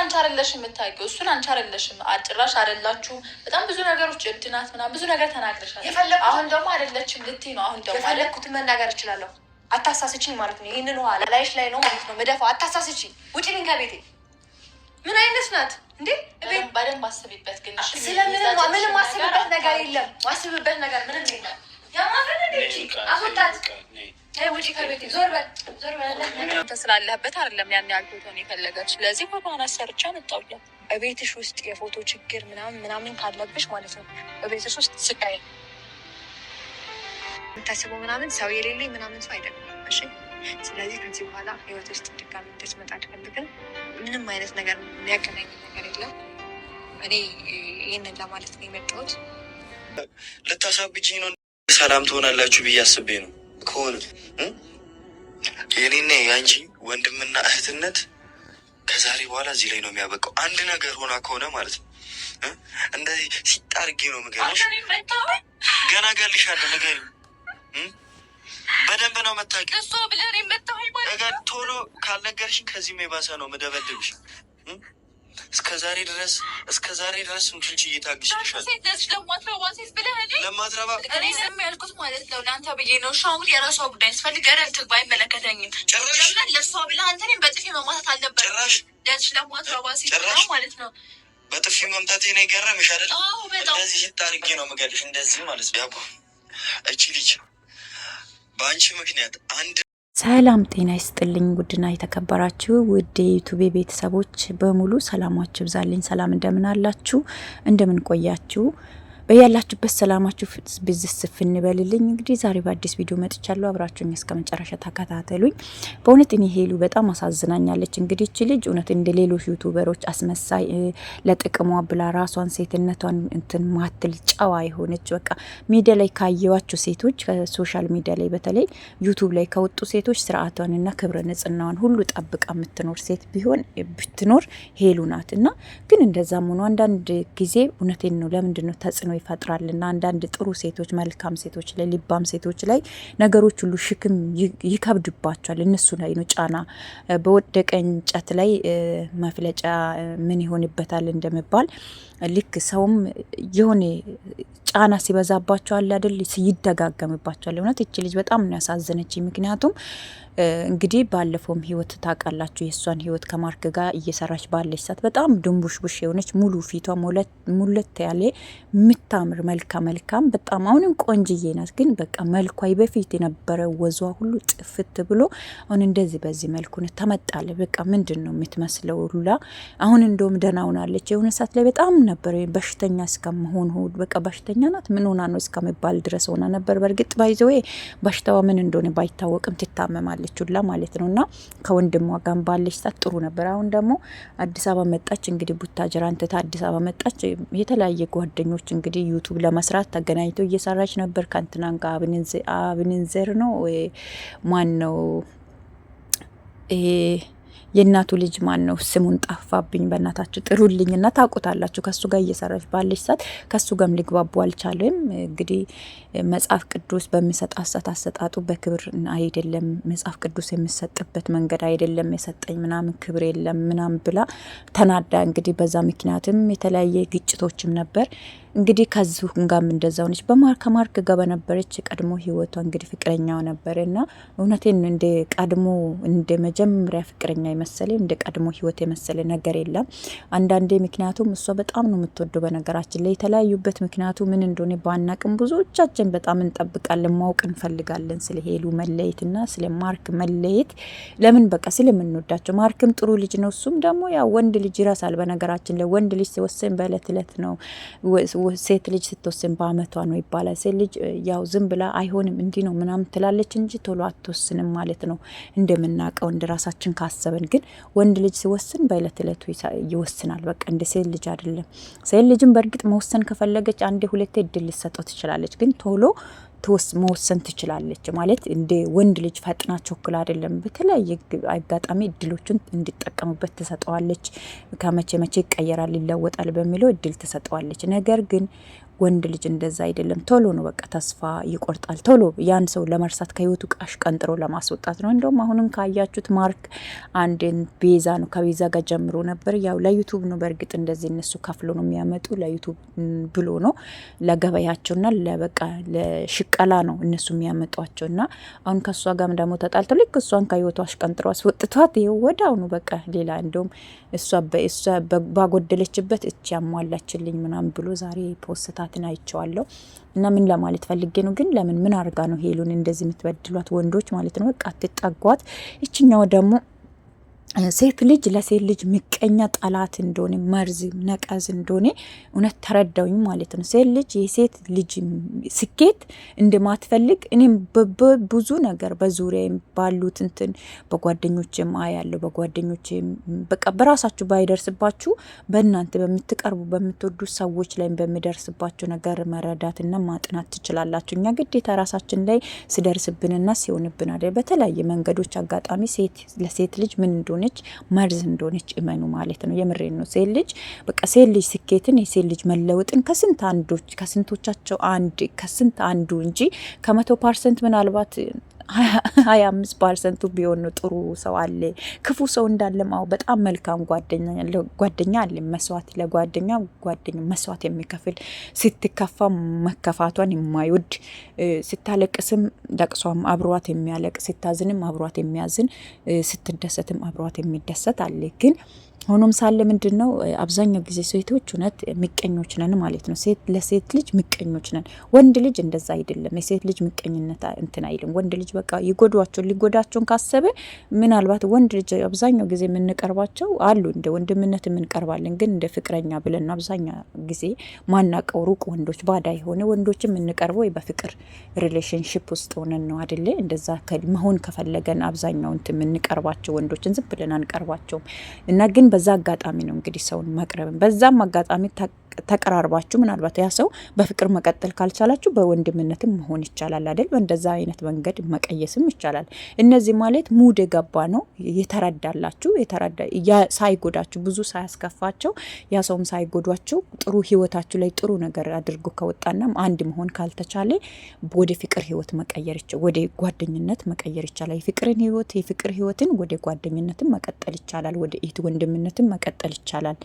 አንቺ አይደለሽም የምታውቂው፣ እሱን አንቺ አይደለሽም አጭራሽ አይደላችሁ። በጣም ብዙ ነገሮች እብድ ናት ምናምን ብዙ ነገር ተናግረሻል። አሁን ደግሞ አይደለችም ልትይ ነው። አሁን ደግሞ የፈለግኩትን መናገር እችላለሁ። አታሳስችኝ ማለት ነው። ይህንን ውሃ ላይሽ ላይ ነው ማለት ነው መደፋ። አታሳስችኝ፣ ውጭ ውጪልኝ ከቤቴ። ምን አይነት ናት እንዴ? በደንብ አስቢበት። ግን ስለምንም ምንም ማስብበት ነገር የለም። ማስብበት ነገር ምንም የለም። ያማፈነ አሁን ስላለህበት አይደለም ያን ያህል የፈለገች። ስለዚህ ፎቶን አሰርቻ ውስጥ የፎቶ ችግር ምናምን ምናምን ካለብሽ ማለት ነው ውስጥ ስቃይ የምታስበው ምናምን ሰው የሌለኝ ምናምን ሰው አይደለም። እሺ ስለዚህ ከዚህ በኋላ ህይወት ውስጥ ድጋሚ እንድትመጣ አልፈልግም። ምንም አይነት ነገር የሚያገናኝ ነገር የለም። እኔ ይህንን ለማለት ነው የመጣሁት። ልታሳብጅኝ ነው። ሰላም ትሆናላችሁ ብዬ አስቤ ነው ከሆኑት የኔና የአንቺ ወንድምና እህትነት ከዛሬ በኋላ እዚህ ላይ ነው የሚያበቃው። አንድ ነገር ሆና ከሆነ ማለት ነው። እንደዚህ ሲጣርጌ ነው ምገልሽ። ገና ገልሻለ ነገር በደንብ ነው መታቂ ቶሎ ካልነገርሽ ከዚህ የባሰ ነው ምደበድብሽ። እስከ ዛሬ ድረስ እስከ ዛሬ ድረስ እንችልች እየታግስልሻል ያልኩት ማለት ነው ለአንተ ብዬ ነው። የራሷ ጉዳይ ስፈልግ በጥፊ መማታት ለማትረባ ማለት ነው። በጥፊ እንደዚህ ነው እንደዚህ ማለት ነው እቺ ልጅ በአንቺ ምክንያት አንድ ሰላም ጤና ይስጥልኝ። ውድና የተከበራችሁ ውድ የዩቱብ ቤተሰቦች በሙሉ ሰላማችሁ ብዛልኝ። ሰላም እንደምን አላችሁ? እንደምን ቆያችሁ? በያላችሁበት ሰላማችሁ ብዝት ስፍ እንበልልኝ። እንግዲህ ዛሬ በአዲስ ቪዲዮ መጥቻለሁ። አብራችሁኝ እስከ መጨረሻ ተከታተሉኝ። በእውነት እኔ ሄሉ በጣም አሳዝናኛለች። እንግዲህ እቺ ልጅ እውነት እንደ ሌሎች ዩቱበሮች አስመሳይ ለጥቅሟ ብላ ራሷን ሴትነቷን እንትን ማትል ጨዋ የሆነች በቃ ሚዲያ ላይ ካየዋቸው ሴቶች ከሶሻል ሚዲያ ላይ በተለይ ዩቱብ ላይ ከወጡ ሴቶች ስርዓቷንና ክብረ ንጽህናዋን ሁሉ ጠብቃ የምትኖር ሴት ቢሆን ብትኖር ሄሉ ናት እና ግን እንደዛም ሆኖ አንዳንድ ጊዜ እውነቴን ነው ለምንድን ነው ተጽዕኖ ይፈጥራል እና አንዳንድ ጥሩ ሴቶች፣ መልካም ሴቶች ላይ ሊባም ሴቶች ላይ ነገሮች ሁሉ ሽክም ይከብድባቸዋል። እነሱ ላይ ነው ጫና። በወደቀ እንጨት ላይ መፍለጫ ምን ይሆንበታል እንደመባል ልክ ሰውም የሆነ ጫና ሲበዛባቸው አለ አይደል ይደጋገምባቸዋል። እውነት እች ልጅ በጣም ነው ያሳዘነች። ምክንያቱም እንግዲህ ባለፈውም ህይወት ታውቃላችሁ፣ የእሷን ህይወት ከማርክ ጋር እየሰራች ባለች ሰዓት በጣም ድንቡሽቡሽ የሆነች ሙሉ ፊቷ ሙለት ያለ የምታምር መልካ መልካም በጣም አሁንም ቆንጅዬ ናት። ግን በቃ መልኳ በፊት የነበረ ወዟ ሁሉ ጥፍት ብሎ አሁን እንደዚህ በዚህ መልኩ ነው ተመጣለ። በቃ ምንድን ነው የምትመስለው ሁላ አሁን እንደውም ደህና ሆናለች። የሆነ ሰዓት ላይ በጣም ነበረ በሽተኛ እስከመሆን በቃ በሽተኛ በሽተኛ ናት ምን ሆና ነው እስከሚባል ድረስ ሆና ነበር። በእርግጥ ባይዘዌ በሽታዋ ምን እንደሆነ ባይታወቅም ትታመማለች ሁላ ማለት ነው። እና ከወንድሟ ጋር ባለች ሰት ጥሩ ነበር። አሁን ደግሞ አዲስ አበባ መጣች። እንግዲህ ቡታጅራ አንተታ አዲስ አበባ መጣች። የተለያየ ጓደኞች እንግዲህ ዩቱብ ለመስራት ተገናኝተው እየሰራች ነበር ከእንትናን ጋር አብንንዘር ነው ማን ነው የእናቱ ልጅ ማን ነው ስሙን ጠፋብኝ፣ በእናታችሁ ጥሩልኝ እና ታውቁታላችሁ። ከሱ ጋር እየሰራች ባለች ሰዓት ከሱ ጋርም ሊግባቡ አልቻለም። እንግዲህ መጽሐፍ ቅዱስ በሚሰጥ አሰት አሰጣጡ በክብር አይደለም፣ መጽሐፍ ቅዱስ የሚሰጥበት መንገድ አይደለም፣ የሰጠኝ ምናምን ክብር የለም ምናምን ብላ ተናዳ እንግዲህ በዛ ምክንያትም የተለያየ ግጭቶችም ነበር። እንግዲህ ከዚሁ ጋም እንደዛው ነች። ከማርክ ጋር በነበረች ቀድሞ ህይወቷ እንግዲህ ፍቅረኛው ነበር እና እውነቴን እንደ ቀድሞ እንደ መጀመሪያ ፍቅረኛ የመሰለ እንደ ቀድሞ ህይወት የመሰለ ነገር የለም። አንዳንዴ ምክንያቱም እሷ በጣም ነው የምትወደው። በነገራችን ላይ የተለያዩበት ምክንያቱ ምን እንደሆነ ባናቅም ብዙዎቻችን በጣም እንጠብቃለን፣ ማወቅ እንፈልጋለን። ስለ ሄሉ መለየትና ስለ ማርክ መለየት ለምን በቃ ስለምንወዳቸው። ማርክም ጥሩ ልጅ ነው። እሱም ደግሞ ያ ወንድ ልጅ ይረሳል። በነገራችን ላይ ወንድ ልጅ ሲወስን በእለት እለት ነው፣ ሴት ልጅ ስትወስን በአመቷ ነው ይባላል። ሴት ልጅ ያው ዝም ብላ አይሆንም እንዲህ ነው ምናምን ትላለች እንጂ ቶሎ አትወስንም ማለት ነው እንደምናውቀው እንደ ራሳችን ካሰብን ግን ወንድ ልጅ ሲወስን በእለት እለቱ ይወስናል። በቃ እንደ ሴት ልጅ አይደለም። ሴት ልጅም በእርግጥ መወሰን ከፈለገች አንዴ ሁለቴ እድል ልሰጠው ትችላለች፣ ግን ቶሎ መወሰን ትችላለች። ማለት እንደ ወንድ ልጅ ፈጥና ቸኩል አይደለም። በተለያየ አጋጣሚ እድሎችን እንዲጠቀሙበት ትሰጠዋለች። ከመቼ መቼ ይቀየራል፣ ይለወጣል በሚለው እድል ትሰጠዋለች። ነገር ግን ወንድ ልጅ እንደዛ አይደለም። ቶሎ ነው በቃ ተስፋ ይቆርጣል። ቶሎ ያን ሰው ለመርሳት ከህይወቱ ቃሽ ቀንጥሮ ለማስወጣት ነው። እንደውም አሁንም ካያችሁት ማርክ አንድን ቤዛ ነው ከቤዛ ጋር ጀምሮ ነበር። ያው ለዩቱብ ነው በእርግጥ እንደዚህ እነሱ ከፍሎ ነው የሚያመጡ ለዩቱብ ብሎ ነው ለገበያቸውና ለበቃ ለሽቀላ ነው እነሱ የሚያመጧቸውና አሁን ከእሷ ጋም ደግሞ ተጣልተው ልክ እሷን ከህይወቱ አሽቀንጥሮ አስወጥቷት ይኸው ወደ አሁኑ በቃ ሌላ እንደውም እሷ ባጎደለችበት እቺ ያሟላችልኝ ምናምን ብሎ ዛሬ ፖስታ ቅናትን አይቸዋለሁ እና ምን ለማለት ፈልጌ ነው ግን ለምን ምን አርጋ ነው ሄሉን እንደዚህ የምትበድሏት ወንዶች ማለት ነው? በቃ አትጠጓት። ይችኛው ደግሞ ሴት ልጅ ለሴት ልጅ ምቀኛ ጠላት እንደሆነ መርዝ ነቀዝ እንደሆነ እውነት ተረዳውኝ ማለት ነው። ሴት ልጅ የሴት ልጅ ስኬት እንደማትፈልግ እኔም በብዙ ነገር በዙሪያ ባሉት እንትን በጓደኞችም አያለሁ። በጓደኞችም በቃ በራሳችሁ ባይደርስባችሁ በእናንተ በምትቀርቡ በምትወዱ ሰዎች ላይ በሚደርስባቸው ነገር መረዳትና ማጥናት ትችላላችሁ። እኛ ግዴታ ራሳችን ላይ ስደርስብንና ሲሆንብን አይደል በተለያየ መንገዶች አጋጣሚ ሴት ለሴት ልጅ ምን እንደሆነ እንደሆነች መርዝ እንደሆነች እመኑ ማለት ነው። የምሬን ነው። ሴት ልጅ በቃ ሴት ልጅ ስኬትን የሴት ልጅ መለወጥን ከስንት አንዶች ከስንቶቻቸው አንድ ከስንት አንዱ እንጂ ከመቶ ፐርሰንት ምናልባት ሀያ አምስት ፐርሰንቱ ቢሆን ጥሩ ሰው አለ፣ ክፉ ሰው እንዳለም። አዎ በጣም መልካም ጓደኛ አለ። መስዋዕት ለጓደኛ ጓደኛ መስዋዕት የሚከፍል ስትከፋ መከፋቷን የማይወድ ስታለቅስም ለቅሷም አብሯት የሚያለቅ ስታዝንም አብሯት የሚያዝን ስትደሰትም አብሯት የሚደሰት አለ ግን ሆኖም ሳለ ምንድን ነው አብዛኛው ጊዜ ሴቶች እውነት ምቀኞች ነን ማለት ነው። ሴት ለሴት ልጅ ምቀኞች ነን። ወንድ ልጅ እንደዛ አይደለም። የሴት ልጅ ምቀኝነት እንትን አይልም። ወንድ ልጅ በቃ ይጎዷቸው ሊጎዳቸውን ካሰበ ምናልባት ወንድ ልጅ አብዛኛው ጊዜ የምንቀርባቸው አሉ እንደ ወንድምነት የምንቀርባለን፣ ግን እንደ ፍቅረኛ ብለን ነው አብዛኛው ጊዜ ማናቀው ሩቅ ወንዶች፣ ባዳ የሆነ ወንዶች የምንቀርበው በፍቅር ሪሌሽንሽፕ ውስጥ ሆነን ነው አደለ? እንደዛ መሆን ከፈለገን አብዛኛው እንትን የምንቀርባቸው ወንዶችን ዝም ብለን አንቀርባቸውም እና ግን በዛ አጋጣሚ ነው እንግዲህ ሰውን መቅረብን በዛም አጋጣሚ ተቀራርባችሁ ምናልባት ያ ሰው በፍቅር መቀጠል ካልቻላችሁ በወንድምነትም መሆን ይቻላል አይደል? በእንደዛ አይነት መንገድ መቀየስም ይቻላል። እነዚህ ማለት ሙድ የገባ ነው የተረዳላችሁ፣ ሳይጎዳችሁ ብዙ ሳያስከፋቸው ያ ሰውም ሳይጎዷችሁ ጥሩ ህይወታችሁ ላይ ጥሩ ነገር አድርጎ ከወጣና አንድ መሆን ካልተቻለ ወደ ፍቅር ህይወት መቀየር ወደ ጓደኝነት መቀየር ይቻላል። የፍቅርን ህይወት የፍቅር ህይወትን ወደ ጓደኝነትም መቀጠል ይቻላል። ወደ ኢት ወንድም ግንኙነትን መቀጠል ይቻላል።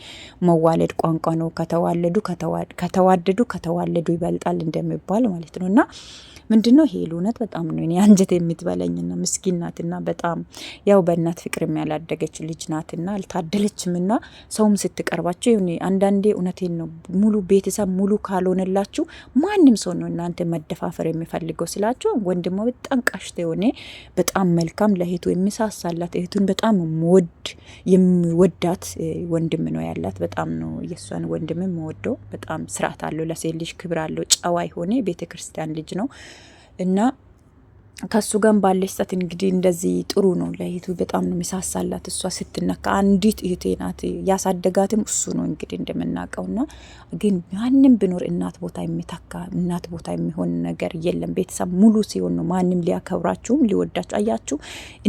መዋለድ ቋንቋ ነው። ከተዋለዱ ከተዋደዱ ከተዋለዱ ይበልጣል እንደሚባል ማለት ነው እና ምንድን ነው ይሄ ልውነት በጣም ነው እኔ አንጀት ና ምስኪን ናትና በጣም ያው በእናት ፍቅር ያላደገች ልጅ ናትና አልታደለችምና ሰውም ስትቀርባቸው አንዳንዴ እውነቴን ነው ሙሉ ቤተሰብ ሙሉ ካልሆነላችሁ ማንም ሰው ነው እናንተ መደፋፈር የሚፈልገው ስላችሁ ወንድሞ በጣም ቃሽተ የሆነ በጣም መልካም ለእህቱ የሚሳሳላት እህቱን በጣም ወድ የሚወድ የምወዳት ወንድም ነው ያላት። በጣም ነው የእሷን ወንድም የምወደው። በጣም ስርዓት አለው፣ ለሴት ልጅ ክብር አለው። ጨዋ የሆነ ቤተ ክርስቲያን ልጅ ነው እና ከሱ ጋር ባለች ሰት እንግዲህ እንደዚህ ጥሩ ነው። ለይቱ በጣም ነው የሚሳሳላት። እሷ ስትነካ አንዲት እህቴ ናት ያሳደጋትም እሱ ነው እንግዲህ እንደምናውቀው ና ግን ማንም ብኖር እናት ቦታ የሚተካ እናት ቦታ የሚሆን ነገር የለም። ቤተሰብ ሙሉ ሲሆን ነው ማንም ሊያከብራችሁም ሊወዳችሁ። አያችሁ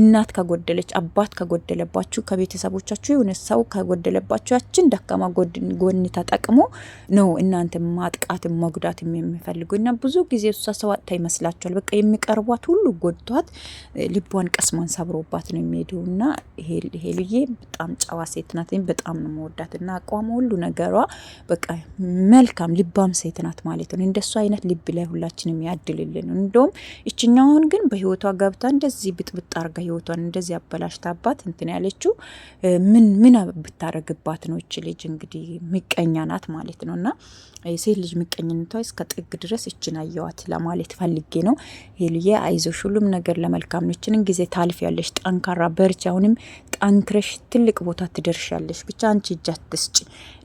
እናት ከጎደለች አባት ከጎደለባችሁ ከቤተሰቦቻችሁ የሆነ ሰው ከጎደለባችሁ ያችን ደካማ ጎን ተጠቅሞ ነው እናንተ ማጥቃትም መጉዳትም የሚፈልጉ እና ብዙ ጊዜ እሷ ሰው አጥታ ይመስላችኋል። በቃ የሚቀርቧት ሁሉ ጎድቷት ልቧን ቀስሟን ሰብሮባት ነው የሚሄደው። እና ሄሉዬ በጣም ጨዋ ሴት ናት። በጣም ነው መወዳት እና አቋም ሁሉ ነገሯ በቃ መልካም ልባም ሴት ናት ማለት ነው። እንደሱ አይነት ልብ ላይ ሁላችንም ያድልልን። እንደውም እችኛውን ግን በህይወቷ ገብታ እንደዚህ ብጥብጥ አርጋ ህይወቷን እንደዚህ አበላሽታባት እንትን ያለችው ምን ምን ብታረግባት ነው? እች ልጅ እንግዲህ ምቀኛ ናት ማለት ነው እና ሴት ልጅ ምቀኝነቷ እስከ ጥግ ድረስ እችን አየዋት ለማለት ፈልጌ ነው። ሄልዬ አይዞ አይዞሽ፣ ሁሉም ነገር ለመልካም ነው። ይህችን ጊዜ ታልፍ ያለሽ፣ ጠንካራ በርቺ። አሁንም ጠንክረሽ ትልቅ ቦታ ትደርሻለሽ። ብቻ አንቺ እጅ አትስጭ።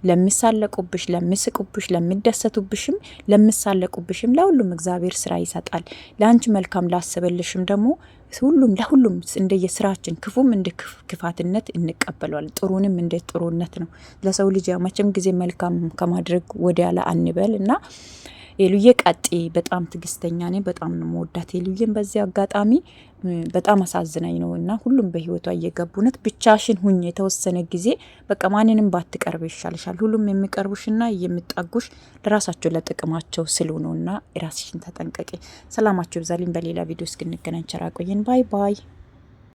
ለሚሳለቁብሽ፣ ለሚስቁብሽ፣ ለሚደሰቱብሽም፣ ለሚሳለቁብሽም ለሁሉም እግዚአብሔር ስራ ይሰጣል። ለአንቺ መልካም ላሰበልሽም ደግሞ ሁሉም ለሁሉም እንደየስራችን ክፉም እንደ ክፋትነት እንቀበለዋለን፣ ጥሩንም እንደ ጥሩነት ነው። ለሰው ልጅ መቼም ጊዜ መልካም ከማድረግ ወደ ያለ አንበል እና ሄሉዬ ቀጤ በጣም ትግስተኛ ኔ በጣም ነው መወዳት ሄሉዬን። በዚህ አጋጣሚ በጣም አሳዝናኝ ነው እና ሁሉም በህይወቷ እየገቡነት ብቻሽን ሁኝ የተወሰነ ጊዜ በቃ ማንንም ባትቀርብ ይሻልሻል። ሁሉም የሚቀርቡሽና የሚጣጉሽ ለራሳቸው ለጥቅማቸው ስሉ ነው እና የራስሽን ተጠንቀቂ። ሰላማቸው ብዛልኝ። በሌላ ቪዲዮ እስክንገናኝ ቸር ቆየን። ባይ ባይ።